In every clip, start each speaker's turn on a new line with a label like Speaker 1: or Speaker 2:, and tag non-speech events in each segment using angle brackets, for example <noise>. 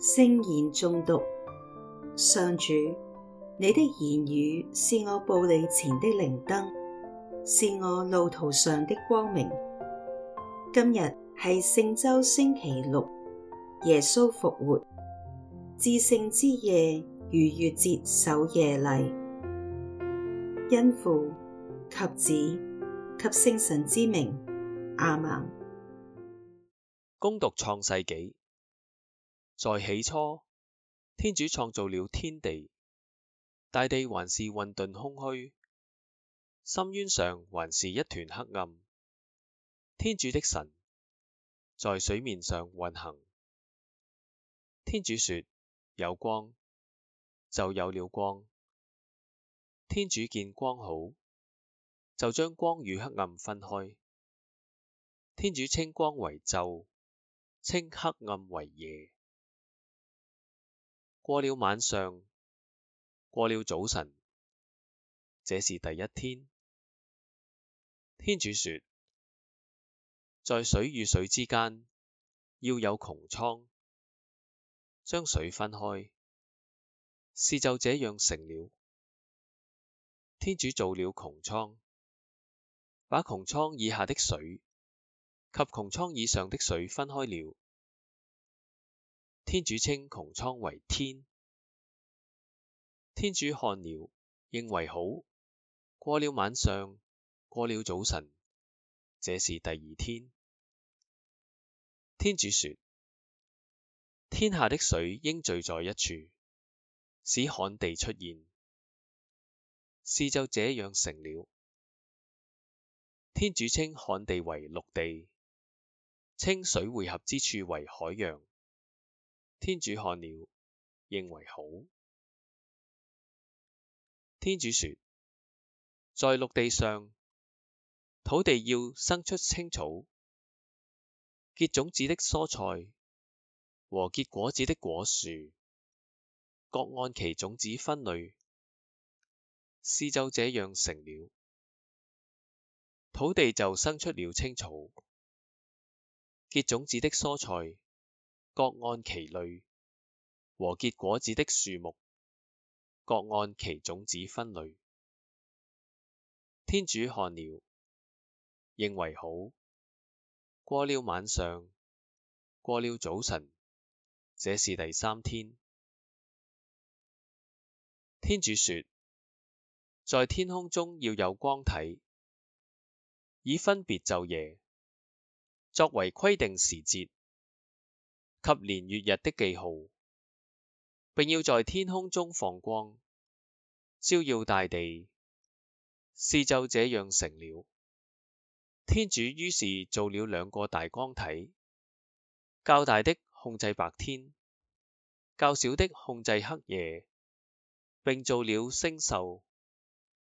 Speaker 1: 聖言誦讀：「上主，你的言語是我步履前的靈燈，是我路途上的光明。今日係聖周星期六，耶穌復活。至聖之夜，逾越節守夜禮，因父及子及聖神之名，阿們。
Speaker 2: 恭讀創世紀，在起初，天主創造了天地，大地還是混沌空虛，深淵上還是一團黑暗。天主的神在水面上運行。天主說。有光，就有了光。天主見光好，就將光與黑暗分開。天主稱光為晝，稱黑暗為夜。過了晚上，過了早晨，這是第一天。天主說，在水與水之間，要有穹蒼。將水分開，是就這樣成了。天主做了穹蒼，把穹蒼以下的水及穹蒼以上的水分開了。天主稱穹蒼為天。天主看了，認為好。過了晚上，過了早晨，這是第二天。天主說。天下的水應聚在一處，使旱地出現。事就這樣成了。天主稱旱地為陸地，稱水匯合之處為海洋。天主看了，認為好。天主說，在陸地上，土地要生出青草，結種子的蔬菜。和結果子的果樹，各按其種子分類，事就這樣成了。土地就生出了青草，結種子的蔬菜，各按其類；和結果子的樹木，各按其種子分類。天主看了，認為好。過了晚上，過了早晨。這是第三天，天主説：在天空中要有光體，以分別晝夜，作為規定時節及年月日的記號，並要在天空中放光，照耀大地。事就這樣成了。天主於是造了兩個大光體，較大的。控制白天，較小的控制黑夜，並造了星宿。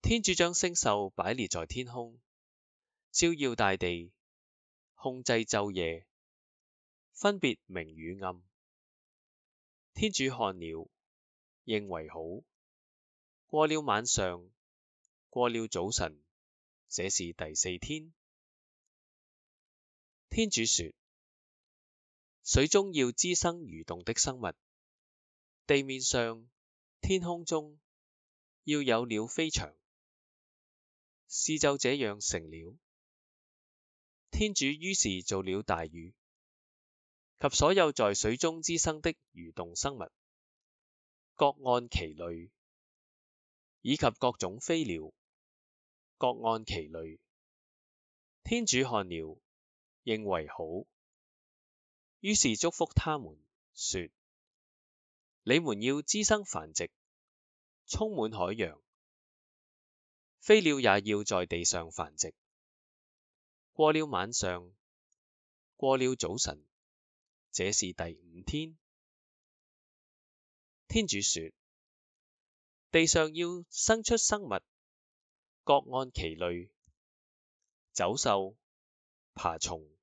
Speaker 2: 天主將星宿擺列在天空，照耀大地，控制晝夜，分別明與暗。天主看了，認為好。過了晚上，過了早晨，這是第四天。天主說。水中要孳生蠕動的生物，地面上、天空中要有鳥飛翔，事就這樣成了。天主於是造了大魚及所有在水中孳生的蠕動生物，各按其類，以及各種飛鳥，各按其類。天主看了，認為好。於是祝福他們，說：你們要孳生繁殖，充滿海洋；飛鳥也要在地上繁殖。過了晚上，過了早晨，這是第五天。天主說：地上要生出生物，各按其類，走獸、爬蟲，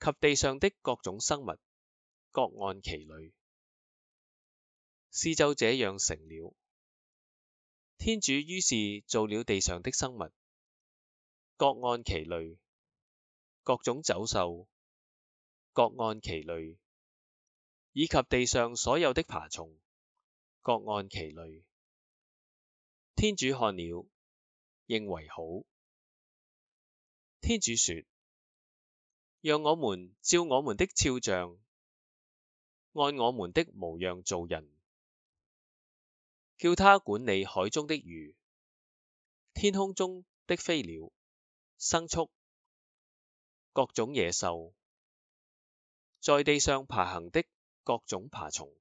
Speaker 2: 及地上的各種生物，各按其類。事就這樣成了。天主於是造了地上的生物，各按其類；各種走獸，各按其類；以及地上所有的爬蟲，各按其類。天主看了，認為好。天主說：讓我們照我們的肖像，按我們的模樣造人，叫他管理海中的魚、天空中的飛鳥、牲畜、各種野獸，在地上爬行的各種爬蟲。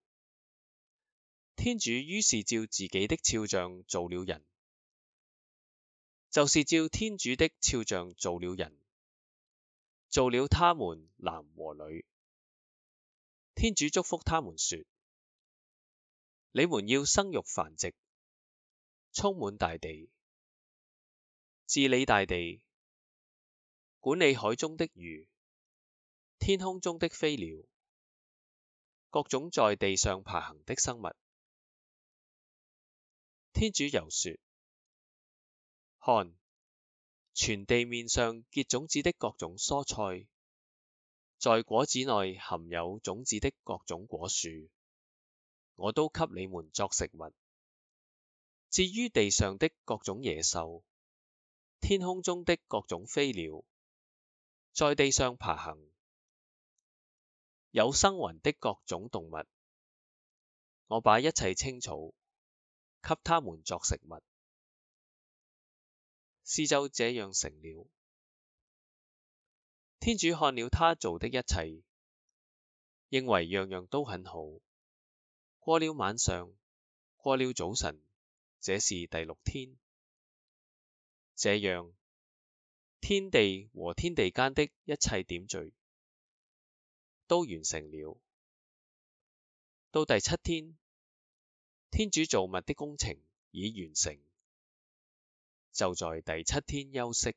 Speaker 2: 天主於是照自己的肖像造了人，就是照天主的肖像造了人。造了他們男和女，天主祝福他們，說：你們要生育繁殖，充滿大地，治理大地，管理海中的魚，天空中的飛鳥，各種在地上爬行的生物。天主又說：看。全地面上結種子的各種蔬菜，在果子內含有種子的各種果樹，我都給你們作食物。至於地上的各種野獸，天空中的各種飛鳥，在地上爬行、有生魂的各種動物，我把一切青草給他們作食物。事就這樣成了，天主看了他造的一切，認為樣樣都很好。過了晚上，過了早晨，這是第六天。這樣，天地和天地間的一切點綴都完成了。到第七天，天主造物的工程已完成。就在第七天休息，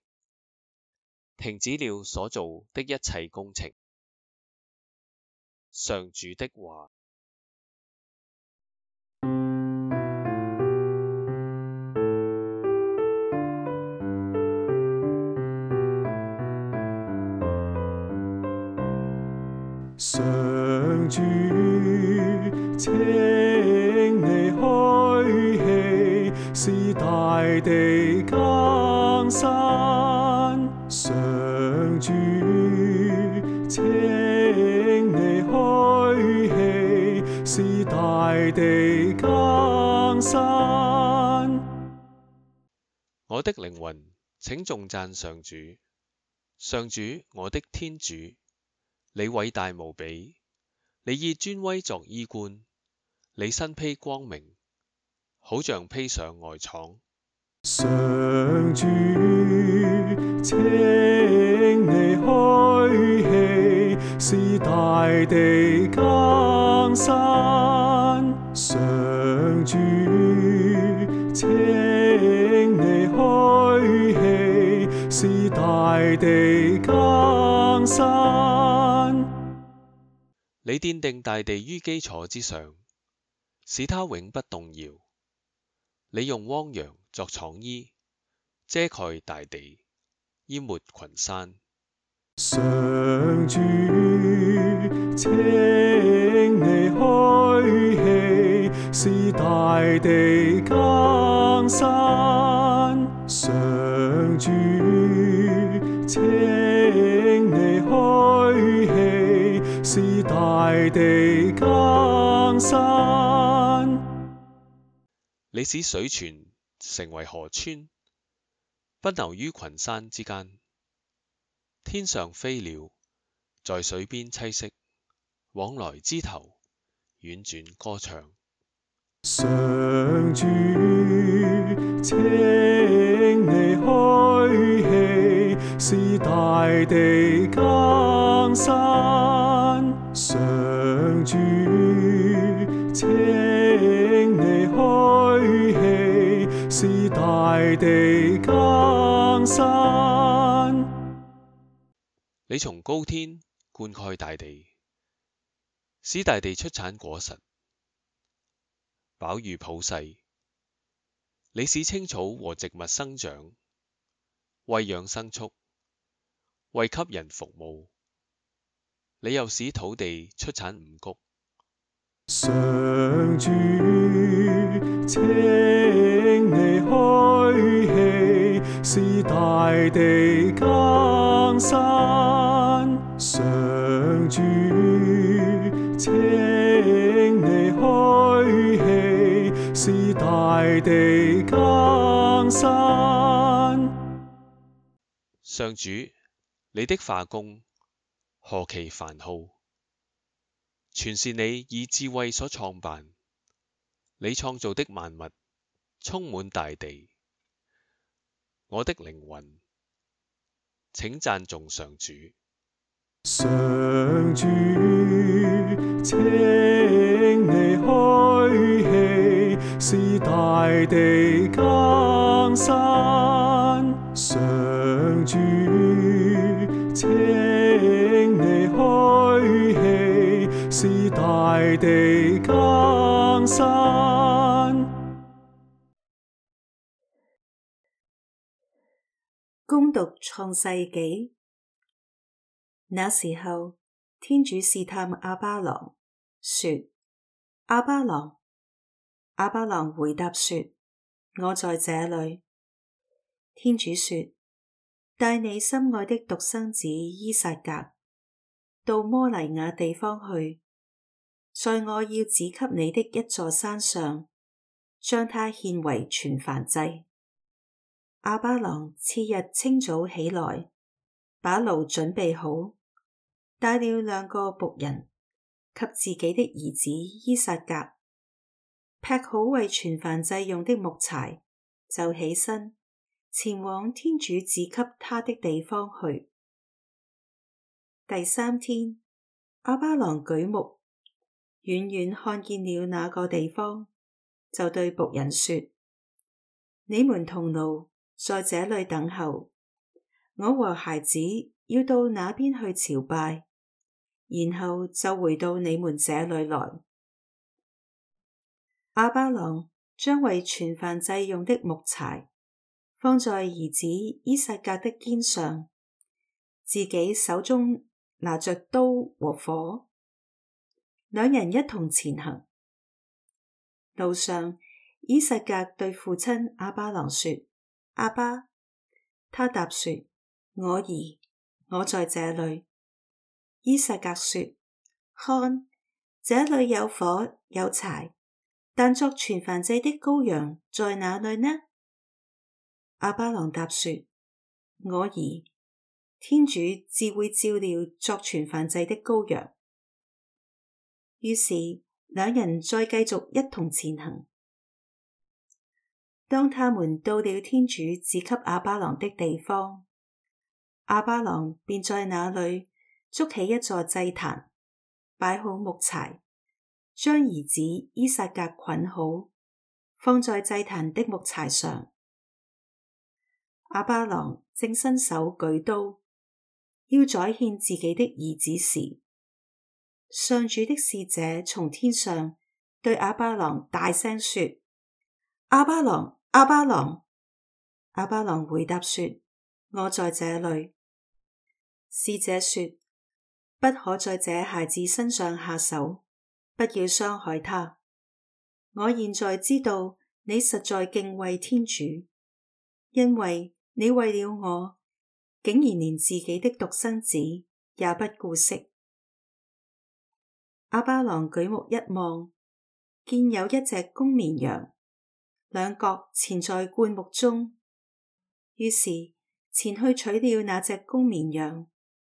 Speaker 2: 停止了所做的一切工程。上主的話：
Speaker 3: 上主，請你噓氣，使大地。請你噓氣，使大地更新。
Speaker 4: 我的靈魂，請頌讚上主，上主我的天主，你偉大無比，你以尊威作衣冠，你身披光明，好像披上外氅。
Speaker 3: 上主，請。大地更新。上主，請你噓氣，使大地更
Speaker 4: 新。你奠定大地於基礎之上，使它永不動搖。你用汪洋作氅衣，遮蓋大地，淹沒群山，
Speaker 3: 上主。
Speaker 4: 請你噓
Speaker 3: 氣，使大地更新常住。請你噓氣，使大地更新。
Speaker 4: 你使水泉成為河川，奔流於群山之間。天上飛鳥。在水邊棲息，往來枝頭，婉轉歌唱。
Speaker 3: 上主，請你噓氣，使大地更新。上主，請你噓氣，使大地
Speaker 4: 更新。你從高天。灌溉大地，使大地出產果實，飽飫普世。你使青草和植物生長，餵養牲畜，為給人服務。你又使土地出產五穀。
Speaker 3: 上主，
Speaker 4: 請你噓
Speaker 3: 氣，使大地更新。請你噓氣，使大地更
Speaker 4: 新。上主，你的化工，何其繁浩，全是你以智慧所創辦。你創造的萬物，充滿大地。我的靈魂，請讚頌上主。
Speaker 3: 上主，請你噓氣，使大地更新。上主，請你噓氣，使大地更
Speaker 1: 新。恭讀創世紀。那時候，天主試探亞巴郎，說：亞巴郎，亞巴郎回答說：我在這裏。天主說：帶你心愛的獨生子依撒格到摩黎雅地方去，在我要指給你的一座山上，將他獻為全燔祭。亞巴郎次日清早起來，把驢準備好。帶了兩個僕人，給自己的兒子依撒格劈好為全燔祭用的木柴，就起身前往天主指給他的地方去。第三天，亞巴郎舉目遠遠看見了那個地方，就對僕人說：你們同驢，在這裡等候，我和孩子要到那邊去朝拜。然後就回到你們這裏來。亞巴郎將為全燔祭用的木柴放在兒子依撒格的肩上，自己手中拿着刀和火，兩人一同前行。路上，依撒格對父親亞巴郎說：阿爸，他答說：我兒，我在這裏。依撒格說：看，這裏有火有柴，但作全燔祭的羔羊在哪裏呢？亞巴郎答說：我兒，天主自會照料作全燔祭的羔羊。於是兩人再繼續一同前行。當他們到了天主指給亞巴郎的地方，亞巴郎便在那裏。築起一座祭壇，擺好木柴，將兒子依撒格捆好，放在祭壇的木柴上。亞巴郎正伸手舉刀，要宰獻自己的兒子時，上主的使者從天上對亞巴郎大聲說：亞巴郎，亞巴郎！亞巴郎回答說：我在這裡。使者說。不可在這孩子身上下手，不要傷害他。我現在知道你實在敬畏天主，因為你為了我，竟然連自己的獨生子也不顧惜。亞巴郎舉目一望，見有一隻公綿羊，兩角纏在灌木中，於是前去取了那隻公綿羊。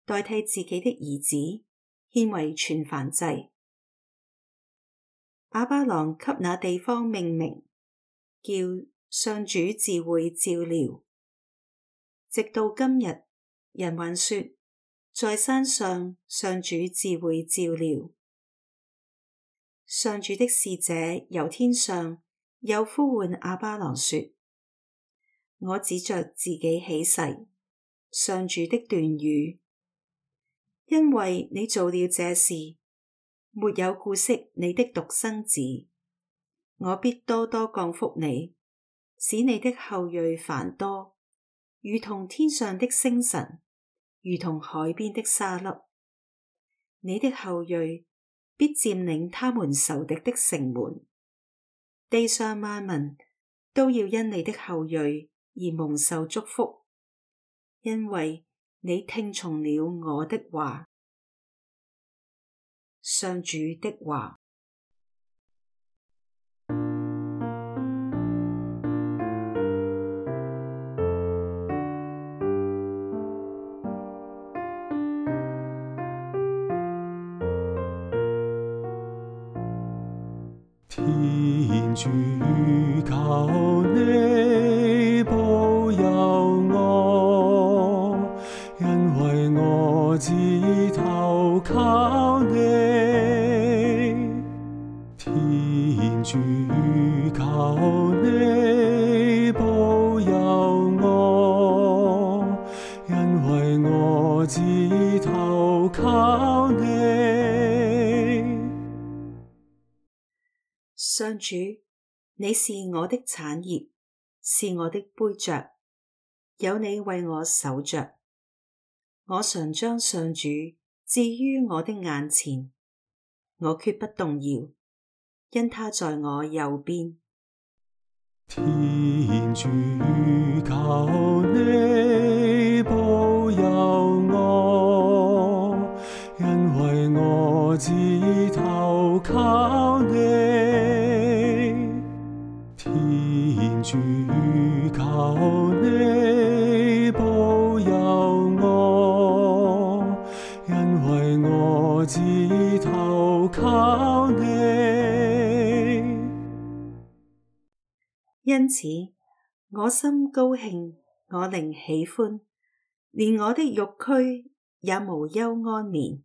Speaker 1: 代替自己的兒子，獻為全燔祭。亞巴郎給那地方命名，叫上主自會照料。直到今日，人還說，在山上上主自會照料。上主的使者由天上，又呼喚亞巴郎說：我指着自己起誓，上主的斷語。因為你做了這事，沒有顧惜你的獨生子，我必多多降福你，使你的後裔繁多，如同天上的星辰，如同海邊的沙粒。你的後裔必佔領他們仇敵的城門，地上萬民都要因你的後裔而蒙受祝福，因為，你聽從了我
Speaker 2: 的話，上主的話。
Speaker 1: 你是我的產業，是我的杯爵，有你為我守着，我常將上主置於我的眼前，我決不動搖，因他在我右邊。
Speaker 3: 天主求你保佑我，因為我知。
Speaker 1: 因此，我心高興，我靈喜歡，連我的肉軀也無憂安眠，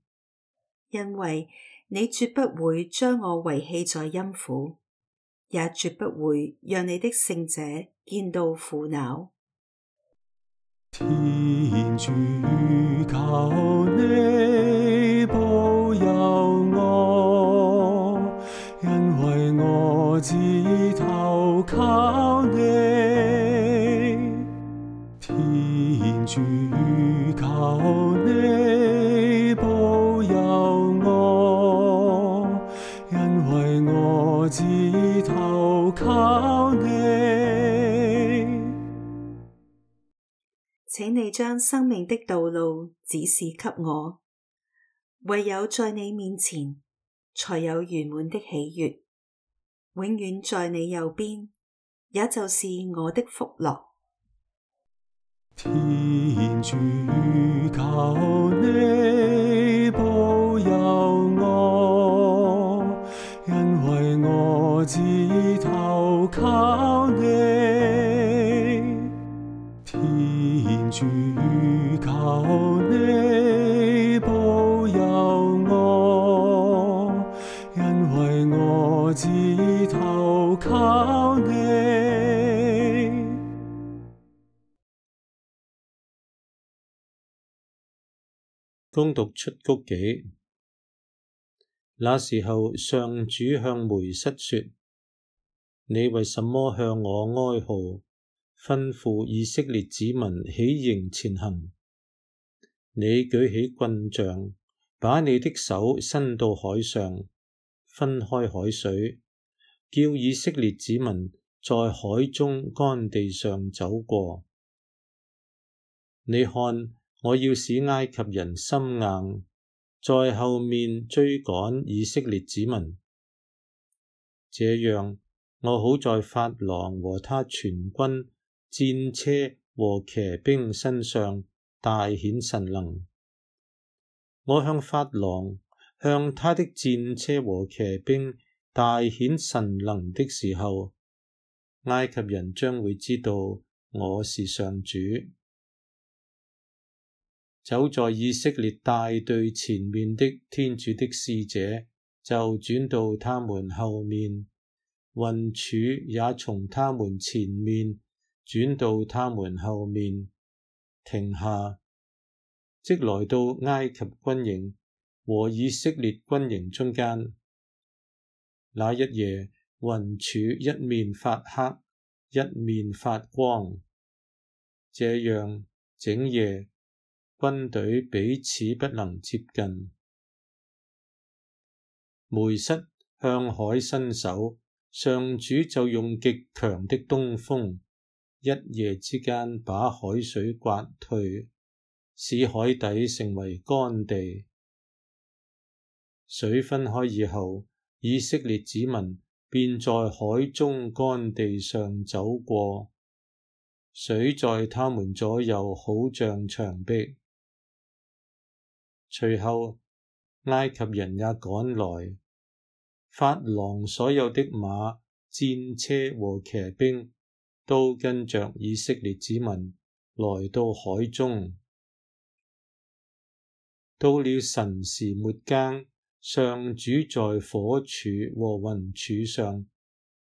Speaker 1: 因為你絕不會將我遺棄在陰府，也絕不會讓你的聖者見到腐朽。
Speaker 3: 天主求你保佑我，因為我知。
Speaker 1: 請你將生命的道路指示給我，唯有在你面前，才有圓滿的喜悅。永遠在你右邊，也就是我的福樂。
Speaker 3: 天主求你保佑我，因為我只投靠。求你保佑我，因為我只投靠你。
Speaker 2: 恭
Speaker 5: 讀出谷紀，那時候，上主向梅瑟說：「你為什麼向我哀號？」吩咐以色列子民起營前行。你舉起棍杖，把你的手伸到海上，分開海水，叫以色列子民在海中乾地上走過。你看，我要使埃及人心硬，在後面追趕以色列子民。這樣，我好在法郎和他全軍。戰車和騎兵身上大顯神能。我向法郎向他的戰車和騎兵大顯神能的時候，埃及人將會知道我是上主。走在以色列大隊前面的天主的使者就轉到他們後面，雲柱也從他們前面。轉到他們後面停下，即來到埃及軍營和以色列軍營中間。那一夜，雲柱一面發黑，一面發光，這樣整夜軍隊彼此不能接近。梅瑟向海伸手，上主就用極強的東風。一夜之間把海水颳退，使海底成為乾地。水分開以後，以色列子民便在海中乾地上走過，水在他們左右，好像牆壁。隨後埃及人也趕來，法郎所有的馬、戰車和騎兵。都跟着以色列子民來到海中。到了神時末更，上主在火柱和雲柱上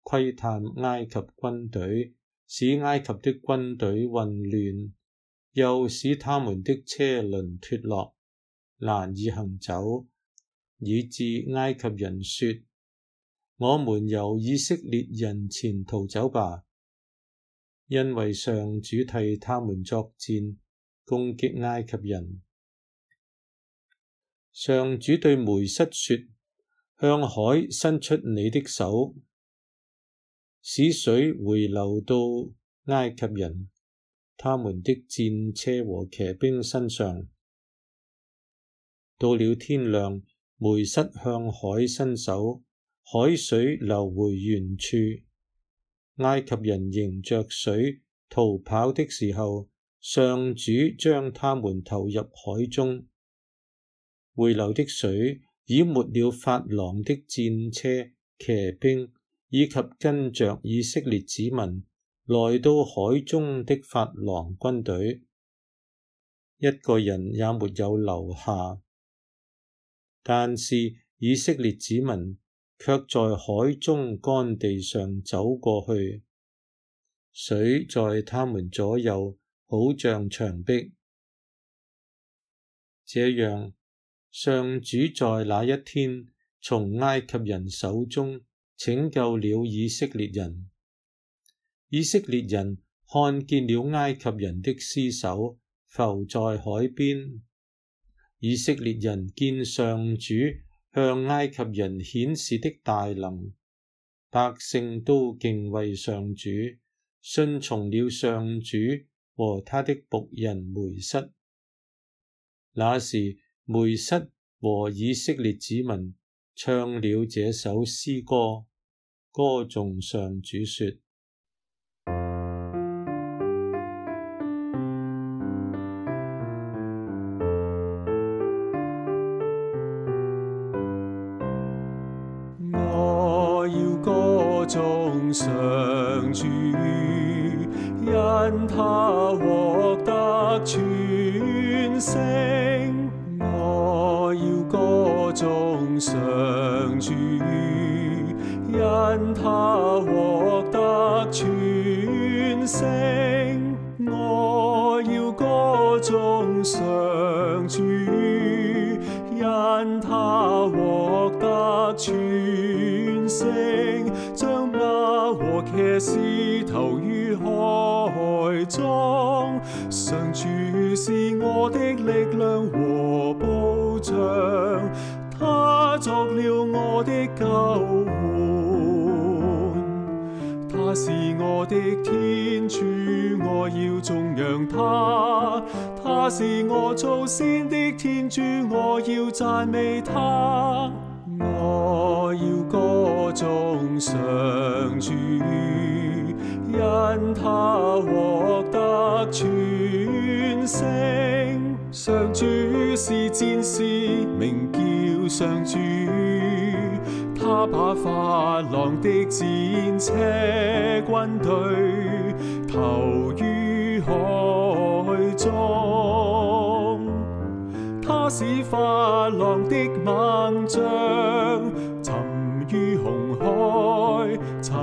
Speaker 5: 窺探埃及軍隊，使埃及的軍隊混亂，又使他們的車輪脱落，難以行走，以致埃及人說：我們由以色列人前逃走吧。因為上主替他們作戰，攻擊埃及人。上主對梅瑟說：向海伸出你的手，使水回流到埃及人他們的戰車和騎兵身上。到了天亮，梅瑟向海伸手，海水流回原處。埃及人迎着水逃跑的時候，上主將他們投入海中。回流的水淹沒了法郎的戰車、騎兵以及跟着以色列子民來到海中的法郎軍隊，一個人也沒有留下。但是以色列子民。卻在海中乾地上走過去，水在他們左右，好像牆壁。這樣，上主在那一天從埃及人手中拯救了以色列人。以色列人看見了埃及人的屍首浮在海邊，以色列人見上主。向埃及人顯示的大能，百姓都敬畏上主，信從了上主和他的僕人梅瑟。那時，梅瑟和以色列子民唱了這首詩歌，歌頌上主說。
Speaker 3: 力量和保障，他作了我的救援，他是我的天主，我要頌揚他，他是我祖先的天主，我要讚美他，我要歌頌上主，因他獲得全勝。上主是戰士，名叫上主。他把法郎的戰車軍隊投於海中，他使法郎的猛將沉於紅海，沉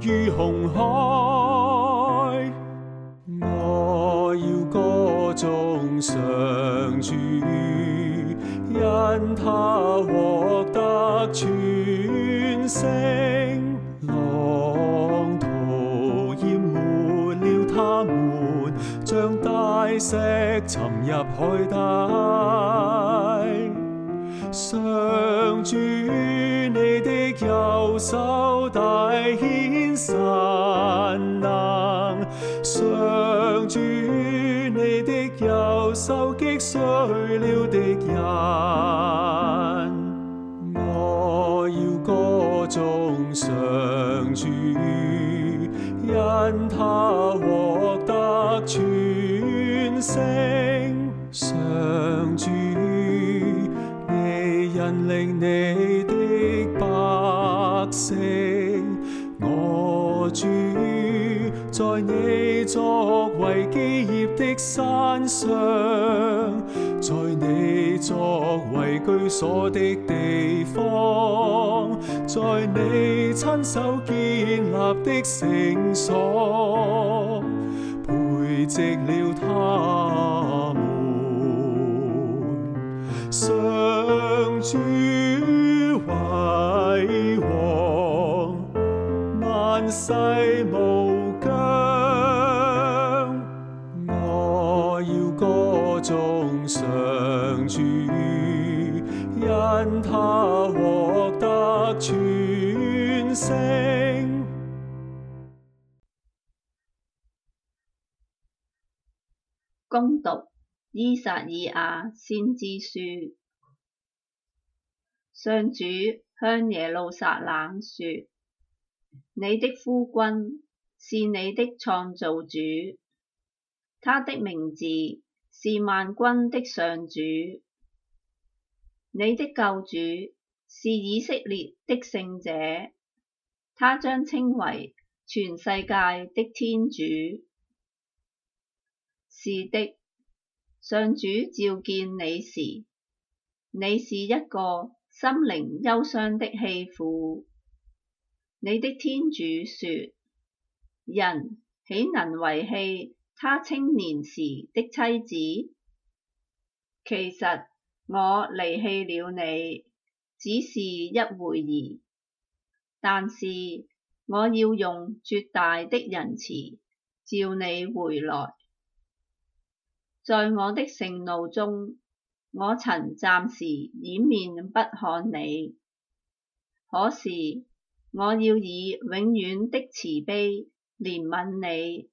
Speaker 3: 於紅海。我要歌。中上主，因他獲得全勝，浪濤淹沒了他們，像大石沉入海底。上主你的右手大顯神能，上主。受擊碎了的人，我要歌頌上主，因他獲得全勝。上主，你引領你的百姓，我在你作為基業的山上，在你作為居所的地方，在你親手建立的聖所，培植了他們，上主為王，萬世無疆。
Speaker 6: 恭讀《伊撒爾亞先知書》，上主向耶路撒冷說：你的夫君是你的創造主，他的名字是萬軍的上主，你的救主是以色列的聖者，他將稱為全世界的天主。是的，上主召見你時，你是一個心靈憂傷的棄婦。你的天主說：人豈能遺棄他青年時的妻子？其實我離棄了你，只是一會兒，但是我要用絕大的仁慈召你回來。在我的盛怒中，我曾暫時掩面不看你，可是我要以永遠的慈悲憐憫你。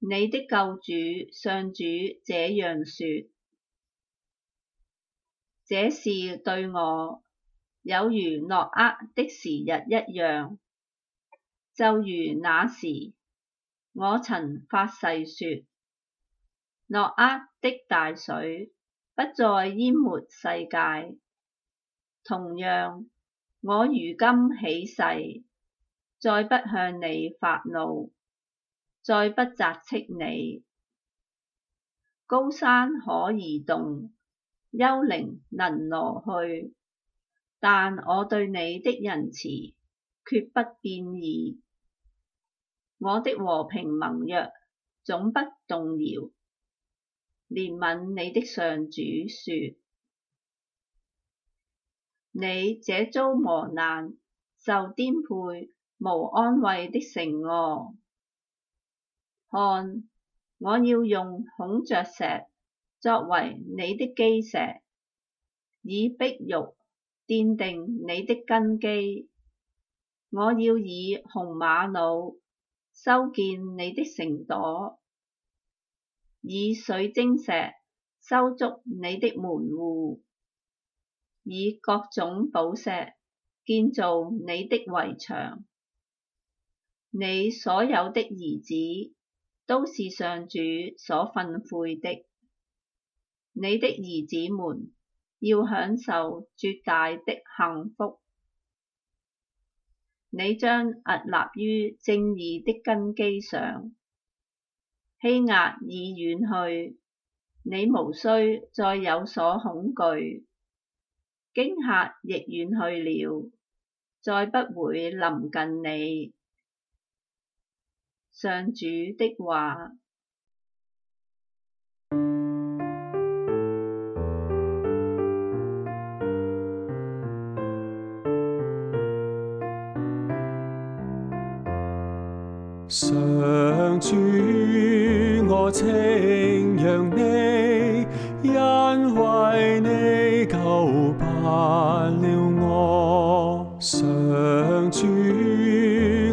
Speaker 6: 你的救主上主這樣說：這事對我有如諾厄的時日一樣，就如那時我曾發誓說。諾厄的大水不再淹沒世界。同樣，我如今起誓，再不向你發怒，再不責斥你。高山可移動，幽靈能挪去，但我對你的仁慈決不變異。我的和平盟約總不動搖。憐憫你的上主説：你這遭磨難、受顛沛、無安慰的城哦，看，我要用孔雀石作為你的基石，以碧玉奠定，定你的根基。我要以紅瑪瑙修建你的城墻。以水晶石修築你的門戶，以各種寶石建造你的圍牆。你所有的兒子都是上主所訓誨的，你的兒子們要享受絕大的幸福。你將屹立於正義的根基上。欺壓已遠去，你無需再有所恐懼，驚嚇亦遠去了，再不會臨近你。上主的話。 <music>
Speaker 3: 我稱揚你，因為你救拔了我。上主，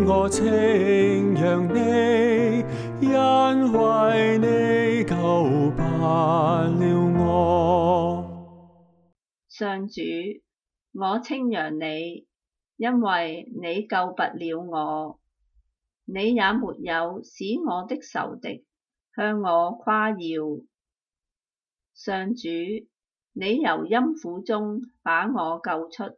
Speaker 3: 我稱揚你，因為你救拔了我。
Speaker 6: 上主，我稱揚你，因為你救不了救拔了我。你也沒有使我的仇敵，向我誇耀，上主，你由陰府中把我救出，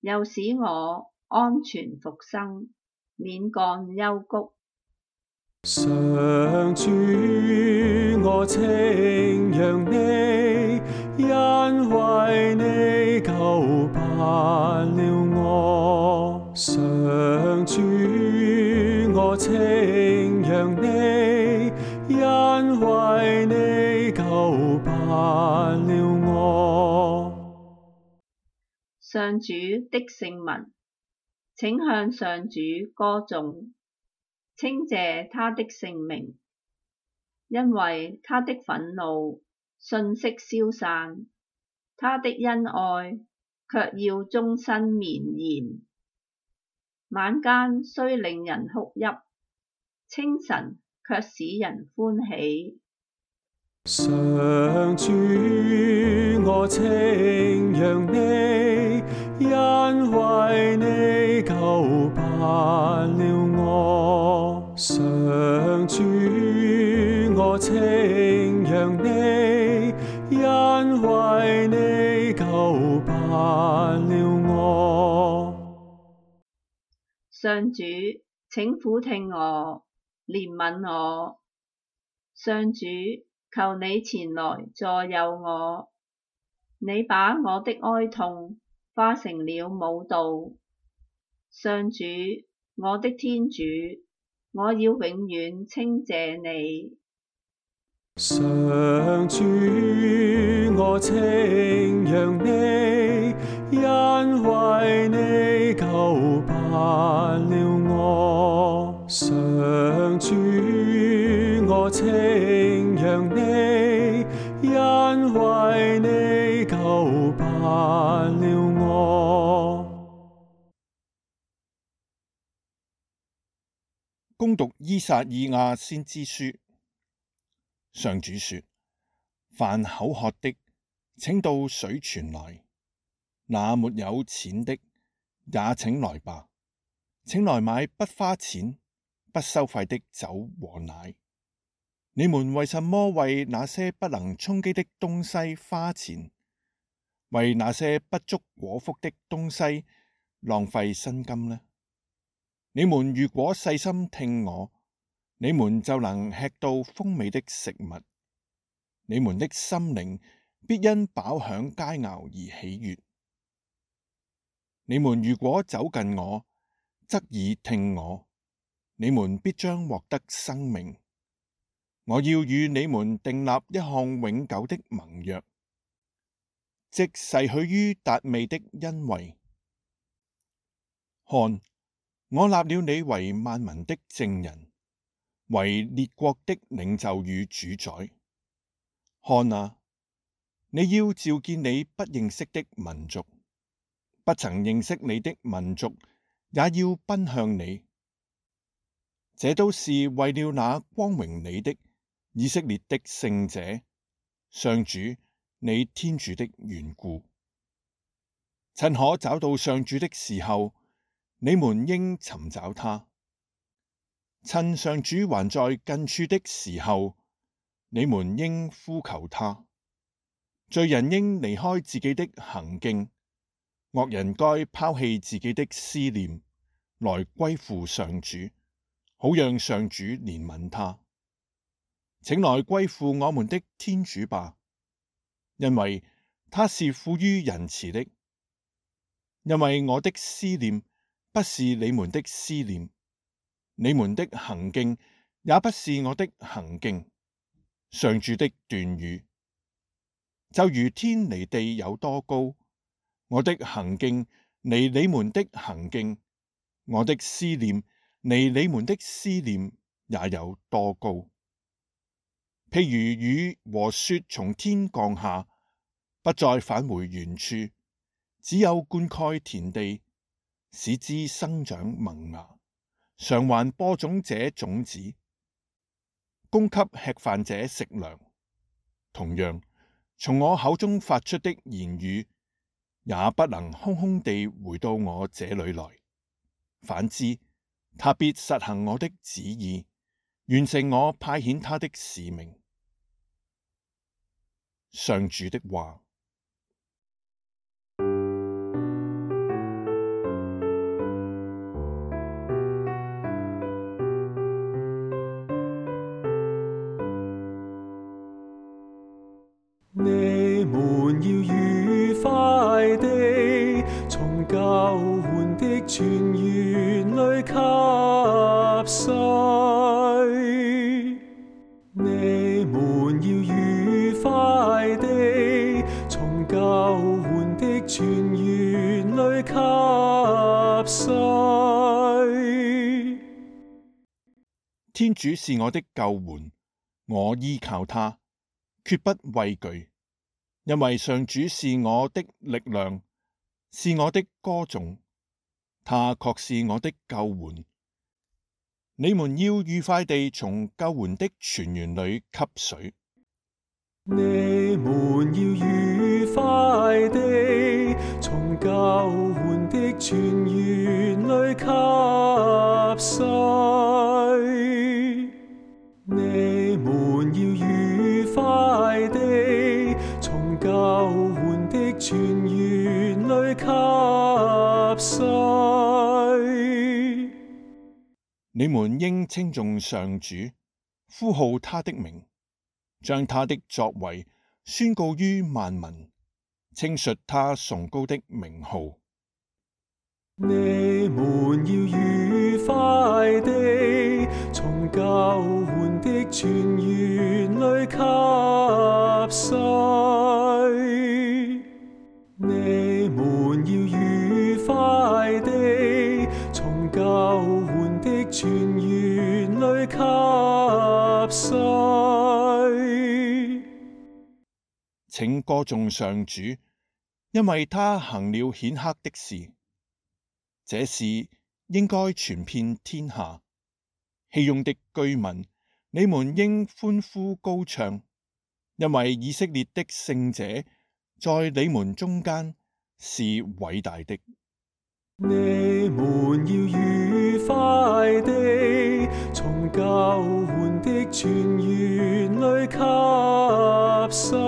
Speaker 6: 又使我安全復生，免乾幽谷。上主，
Speaker 3: 我稱揚你，因為你救拔了我。上主，我稱揚你。因為你救拔了我。
Speaker 6: 上主的聖民，請向上主歌頌，稱謝他的聖名，因為他的憤怒瞬息消散，他的恩愛卻要終身綿延。晚間雖令人哭泣，清晨，卻使人歡喜。
Speaker 3: 上主，我稱揚你，因為你救拔了我。上主，我稱揚你，因為你救拔了我。
Speaker 6: 上主，請俯聽我。憐憫我，上主，求你前來助佑我。你把我的哀痛化成了舞蹈，上主，我的天主，我要永遠稱謝你。
Speaker 3: 上主，我稱揚你，因為你救拔了，了我。上主，我稱揚你，因為你救
Speaker 7: 拔了我。恭讀依撒意亞先知書，上主說：凡口渴的，請到水泉來；那沒有錢的，也請來吧，請來買不花錢，不收費的酒和奶，你們為什麼為那些不能充飢的東西花錢，為那些不足果腹的東西浪費薪金呢？你們如果細心聽我，你們就能吃到風味的食物，你們的心靈必因飽享佳餚而喜悅。你們如果走近我，則以聽我。你們必將獲得生命。我要與你們訂立一項永久的盟約，即誓許於達味的恩惠。看，我立了你為萬民的證人，為列國的領袖與主宰。看啊，你要召見你不認識的民族，不曾認識你的民族，也要奔向你。這都是為了那光榮你的以色列的聖者上主，你天主的緣故。趁可找到上主的時候，你們應尋找他；趁上主還在近處的時候，你們應呼求他。罪人應離開自己的行徑，惡人該拋棄自己的思念，來歸附上主。好讓上主憐憫他，請來歸附我們的天主吧，因為他是富於仁慈的。因為我的思念不是你們的思念，你們的行徑也不是我的行徑。上主的斷語，就如天離地有多高，我的行徑離你們的行徑，我的思念。離你們的思念也有多高。譬如雨和雪從天降下，不再返回原處，只有灌溉田地，使之生長萌芽，償還播種者種子，供給吃飯者食糧。同樣，從我口中發出的言語，也不能空空地回到我這裡來，反之，他必實行我的旨意，完成我派遣他的使命。上主的話。主是我的救援，我依靠他，絕不畏懼，因為上主是我的力量，是我的歌頌，他確是我的救援。你們要愉快地從救援的泉源裡吸水。你們要愉快
Speaker 3: 地從救援的泉源裡吸水。
Speaker 7: 你們應稱頌上主，呼號他的名，將他的作為宣告於萬民，稱述他崇高的名號。
Speaker 3: 你們要愉快地，從救援的泉源裡汲水。
Speaker 7: 泉源裡汲水。請歌頌上主，因為他行了顯赫的事，這事應該傳遍天下。希雍的居民，你們應歡呼高唱，因為以色列的聖者在你們中間是偉大的。
Speaker 3: 你們要與。愉快地從救援的泉源裏汲水，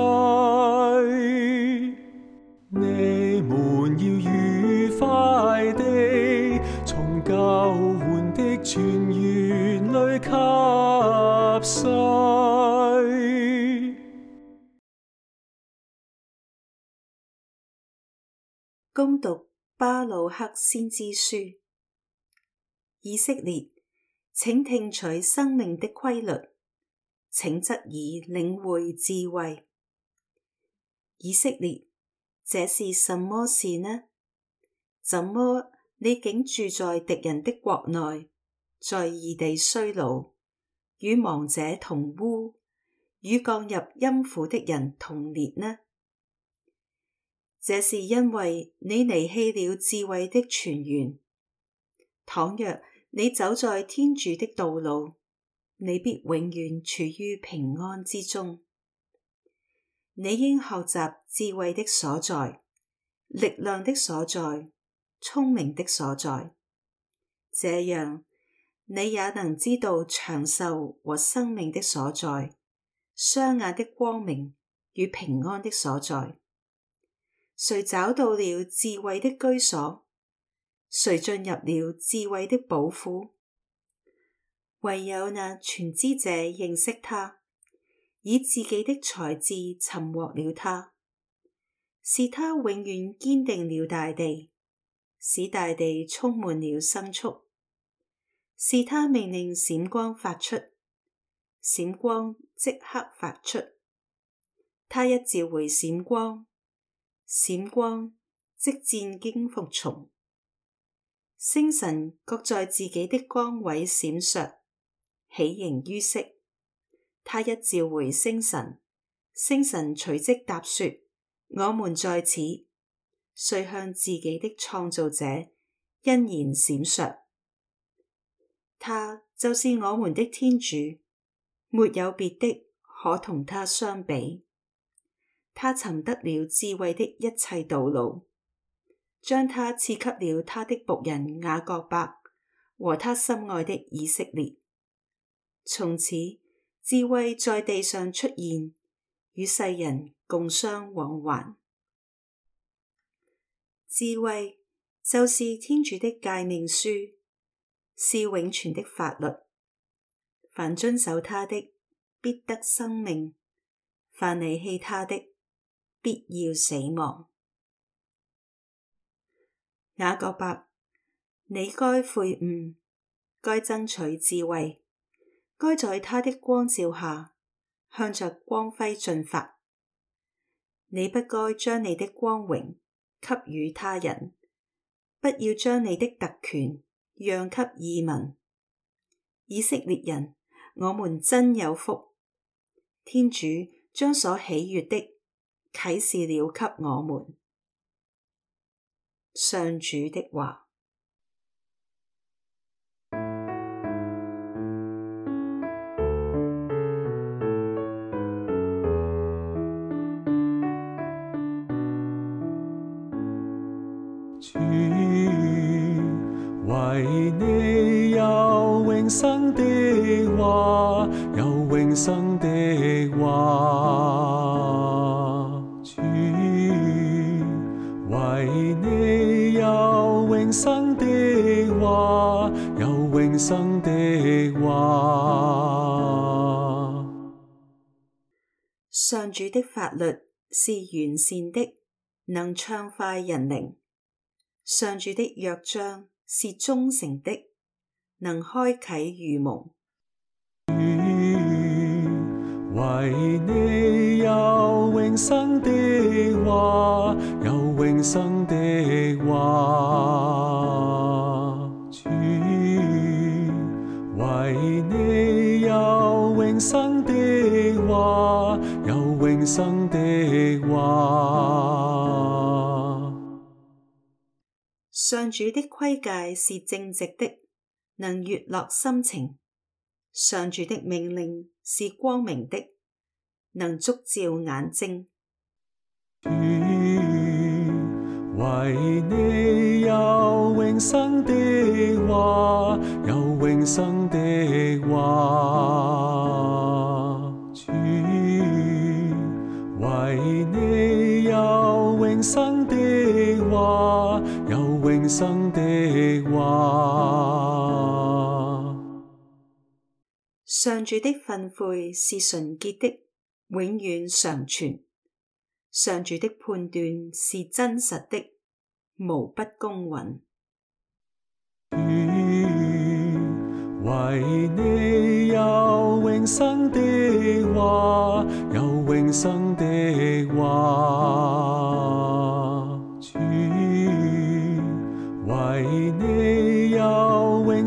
Speaker 3: 你們要愉快地從救援的泉源裏汲水。
Speaker 1: 恭讀巴路克先知書。以色列，請聽取生命的規律，請側耳領會智慧。以色列，這是什麼事呢？怎麼你竟住在敵人的國內，在異地衰老，與亡者同污，與降入陰府的人同列呢？這是因為你離棄了智慧的泉源，倘若，你走在天主的道路，你必永遠處於平安之中。你應學習智慧的所在、力量的所在、聰明的所在，這樣你也能知道長壽和生命的所在、雙眼的光明與平安的所在。誰找到了智慧的居所？誰進入了智慧的寶庫？唯有那全知者認識他，以自己的才智尋獲了他。是他永遠堅定了大地，使大地充滿了牲畜。是他命令閃光發出，閃光即刻發出。他一召回閃光，閃光即戰慄服從。星辰各在自己的光位閃爍，喜形於色。他一召回星辰，星辰隨即答說：我們在此，遂向自己的創造者欣然閃爍。他就是我們的天主，沒有別的可同他相比。他尋得了智慧的一切道路。將他賜給了他的僕人雅各伯和他心愛的以色列。從此，智慧在地上出現，與世人共相往還。智慧就是天主的誡命書，是永存的法律。凡遵守他的，必得生命；凡離棄他的，必要死亡。雅各伯，你該悔悟，該爭取智慧，該在他的光照下，向着光輝進發。你不該將你的光榮給予他人，不要將你的特權讓給異民。以色列人，我們真有福，天主將所喜悦的啟示了給我們。上主的話。
Speaker 3: 主，為你有永生的話。
Speaker 1: 上主的法律是完善的，能暢快人靈；上主的約章是忠誠的，能開啟愚蒙。
Speaker 3: 為你有永生的話，有永生的話。
Speaker 1: 上主的規戒是正直的，能悅樂，樂心情；上主的命令是光明的，能燭照眼睛。
Speaker 3: 為你有永生的話，有永生的話。
Speaker 1: 上主的訓誨是純潔的，永遠常存；上主的判斷是真實的，無不公允。嗯，
Speaker 3: 為你有永生的話，有永生的話。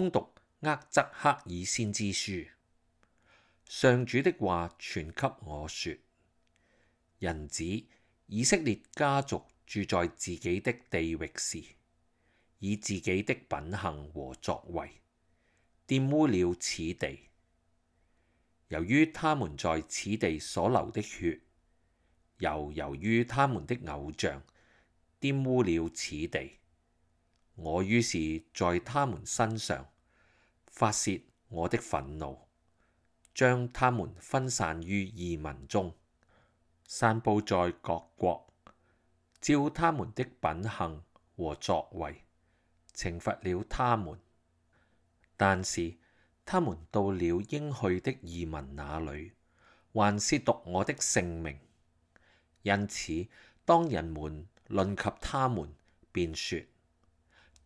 Speaker 8: 恭讀厄則克爾先知書，上主的話傳給我説：人子，以色列家族住在自己的地域時，以自己的品行和作為，玷污了此地；由於他們在此地所流的血，又由於他們的偶像，玷污了此地。我於是在他們身上發泄我的憤怒，將他們分散於異民中，散佈在各國，照他們的品行和作為懲罰了他們。但是他們到了應去的異民那裡，還褻瀆我的聖名，因此當人們論及他們，便說。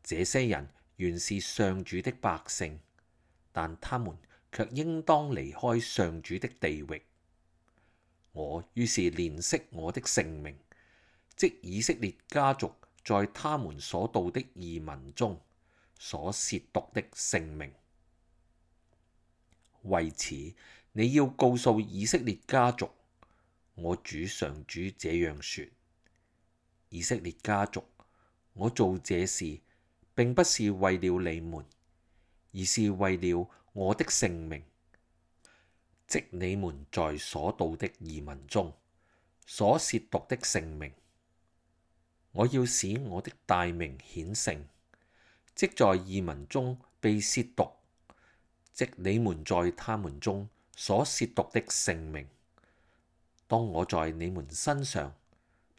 Speaker 8: 這些人原是上主的百姓，但他們卻應當離開上主的地域。我於是憐惜我的聖名，即以色列家族在他們所到的異民中所褻瀆的聖名。為此，你要告訴以色列家族，我主上主這樣說：以色列家族，我做這事。並不是為了你們，而是為了我的聖名，即你們在所到的異民中所褻瀆的聖名。我要使我的大名顯聖，即在異民中被褻瀆，即你們在他們中所褻瀆的聖名。當我在你們身上，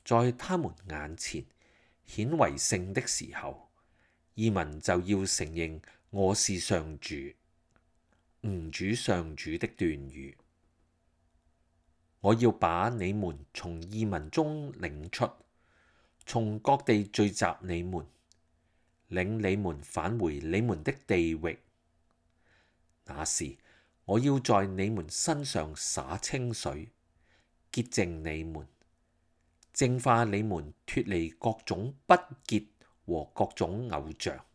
Speaker 8: 在他們眼前顯為聖的時候。異民就要承認我是上主，吾主上主的斷語。我要把你們從異民中領出，從各地聚集你們，領你們返回你們的地域。那時我要在你們身上灑清水，潔淨你們，淨化你們，脱離各種不潔。和各種偶像，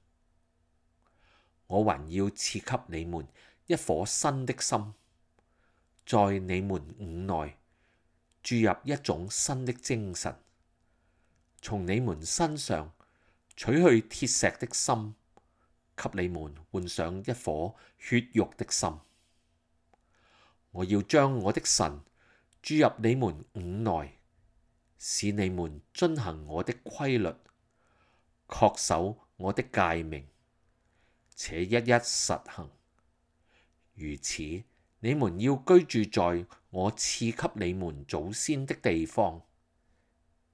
Speaker 8: 我還要賜給你們一顆新的心，在你們五內注入一種新的精神，從你們身上取去鐵石的心，給你們換上一顆血肉的心。我要將我的神注入你們五內，使你們遵行我的規律。確守我的誡命，且一一實行。如此，你們要居住在我賜給你們祖先的地方，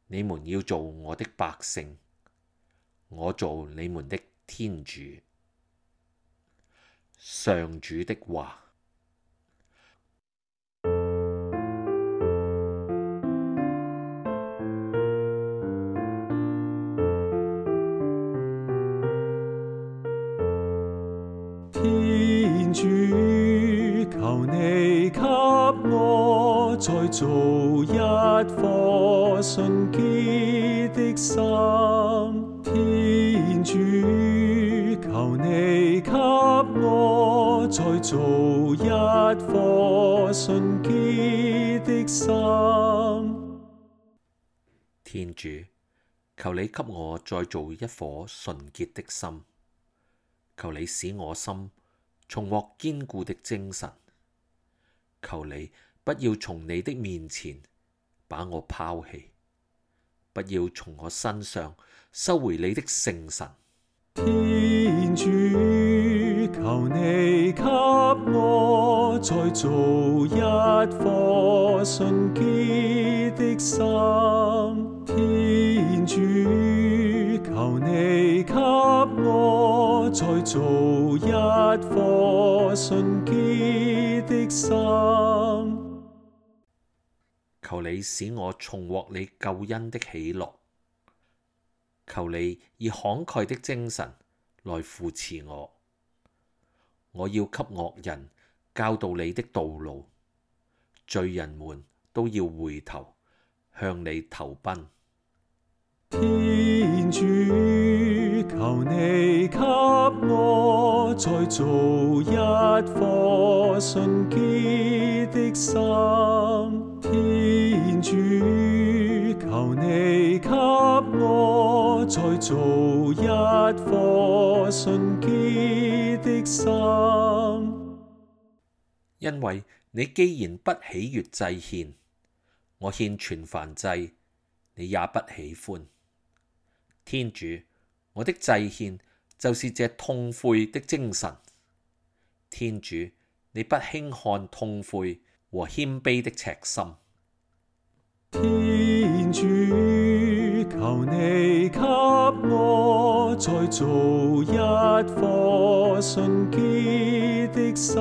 Speaker 8: 你們要做我的百姓，我做你們的天主。上主的話。求你給我再做一顆純潔的心，求你使我心重獲堅固的精神，求你不要從你的面前把我拋棄，不要從我身上收回你的聖神。
Speaker 3: 天主，求你給我再做一顆純潔的心。求你給我再造一顆純潔的心，
Speaker 8: 求你使我重獲你救恩的喜樂，求你以慷慨的精神來扶持我。我要給惡人教導你的道路，罪人們都要回頭向你投奔。
Speaker 3: 天主，求你給我再造一顆純潔的心。天主，求你給我再造一顆純潔的心。
Speaker 8: 因為你既然不喜悅祭獻，我獻全燔祭，你也不喜歡。天主，我的祭獻就是這痛悔的精神。天主，你不輕看痛悔和謙卑的赤心。
Speaker 3: 天主，求你給我再造一顆純潔的心。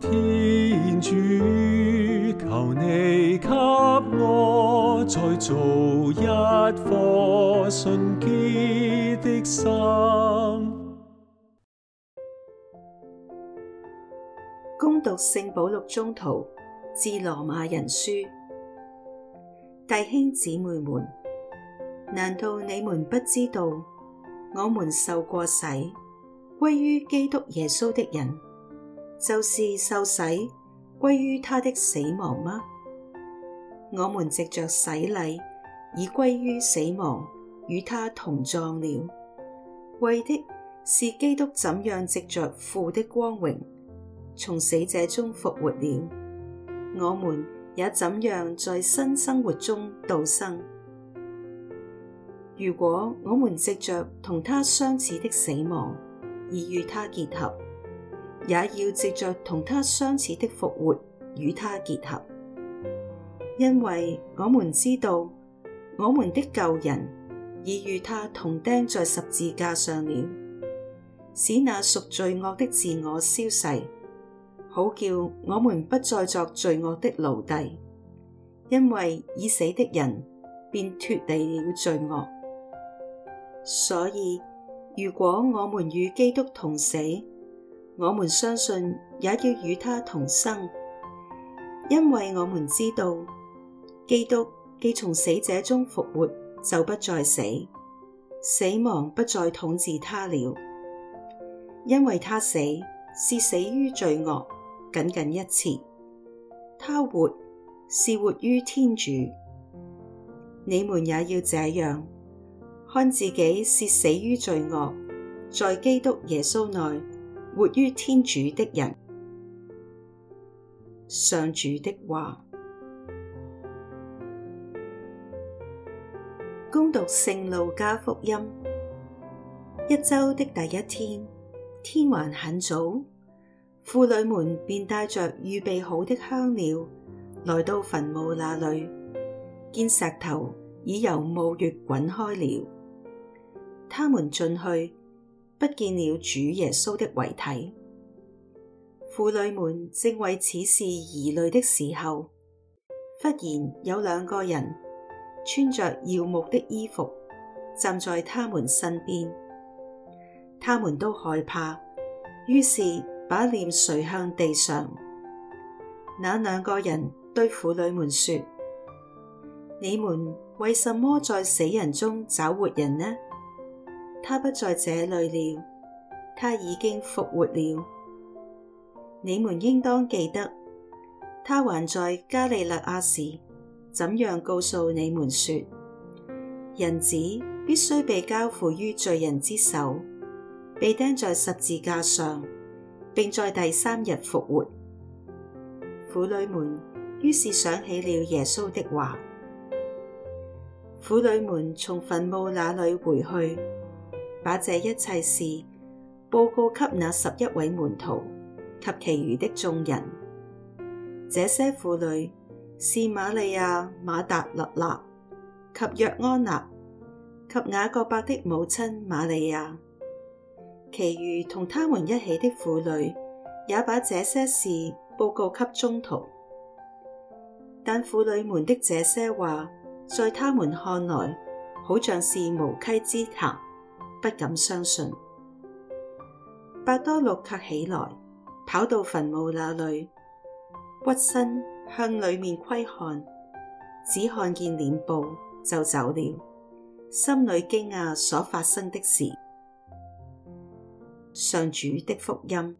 Speaker 3: 天主，求你給我再造一顆純潔的心。
Speaker 1: 恭讀聖保祿宗徒致羅馬人書。弟兄姊妹們，難道你們不知道，我們受過洗歸於基督耶穌的人，就是受洗歸於他的死亡嗎？我們藉着洗禮，已歸於死亡，與他同葬了。為的是基督怎樣藉着父的光榮，從死者中復活了，我們也怎樣在新生活中度生。如果我們藉著同他相似的死亡而與他結合，也要藉著同他相似的復活與他結合。因為我們知道我們的舊人已與他同釘在十字架上了，使那屬罪惡的自我消逝，好叫我們不再作罪惡的奴隸。因為已死的人便脫離了罪惡，所以如果我們與基督同死，我們相信也要與他同生，因為我們知道。基督既從死者中復活，就不再死，死亡不再統治他了，因為他死是死於罪惡，僅僅一次；他活是活於天主。你們也要這樣看自己：是死於罪惡，在基督耶穌內活於天主的人。上主的話。讀聖路加福音，一周的第一天，天還很早，婦女們便帶着預備好的香料，來到墳墓那裏，見石頭已由墓穴滾開了，他們進去，不見了主耶穌的遺體。婦女們正為此事疑慮的時候，忽然有兩個人。穿着耀目的衣服站在他們身邊，他們都害怕，於是把臉垂向地上。那兩個人對婦女們說：你們為什麼在死人中找活人呢？他不在這裏了，他已經復活了。你們應當記得，他還在加利肋亞時。怎樣告訴你們說，人子必須被交付於罪人之手，被釘在十字架上，並在第三日復活。婦女們於是想起了耶穌的話。婦女們從墳墓那裡回去，把這一切事報告給那十一位門徒及其餘的眾人。這些婦女。是瑪利亞、馬達勒納及約安娜及雅各伯的母親瑪利亞，其餘同他們一起的婦女也把這些事報告給宗徒。但婦女們的這些話，在他們看來，好像是無稽之談，不敢相信。伯多祿起來，跑到墳墓那裡，屈身。向裏面窺看，只看見殮布就走了，心裏驚訝所發生的事。上主的福音。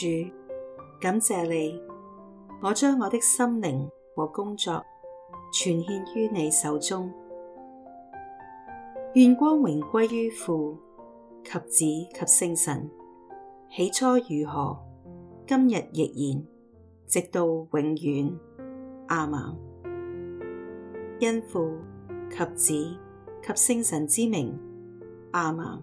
Speaker 1: 主，感謝你，我將我的心靈和工作全獻於你手中，願光榮歸於父及子及聖神，起初如何，今日亦然，直到永遠，亞孟，因父及子及聖神之名，亞孟。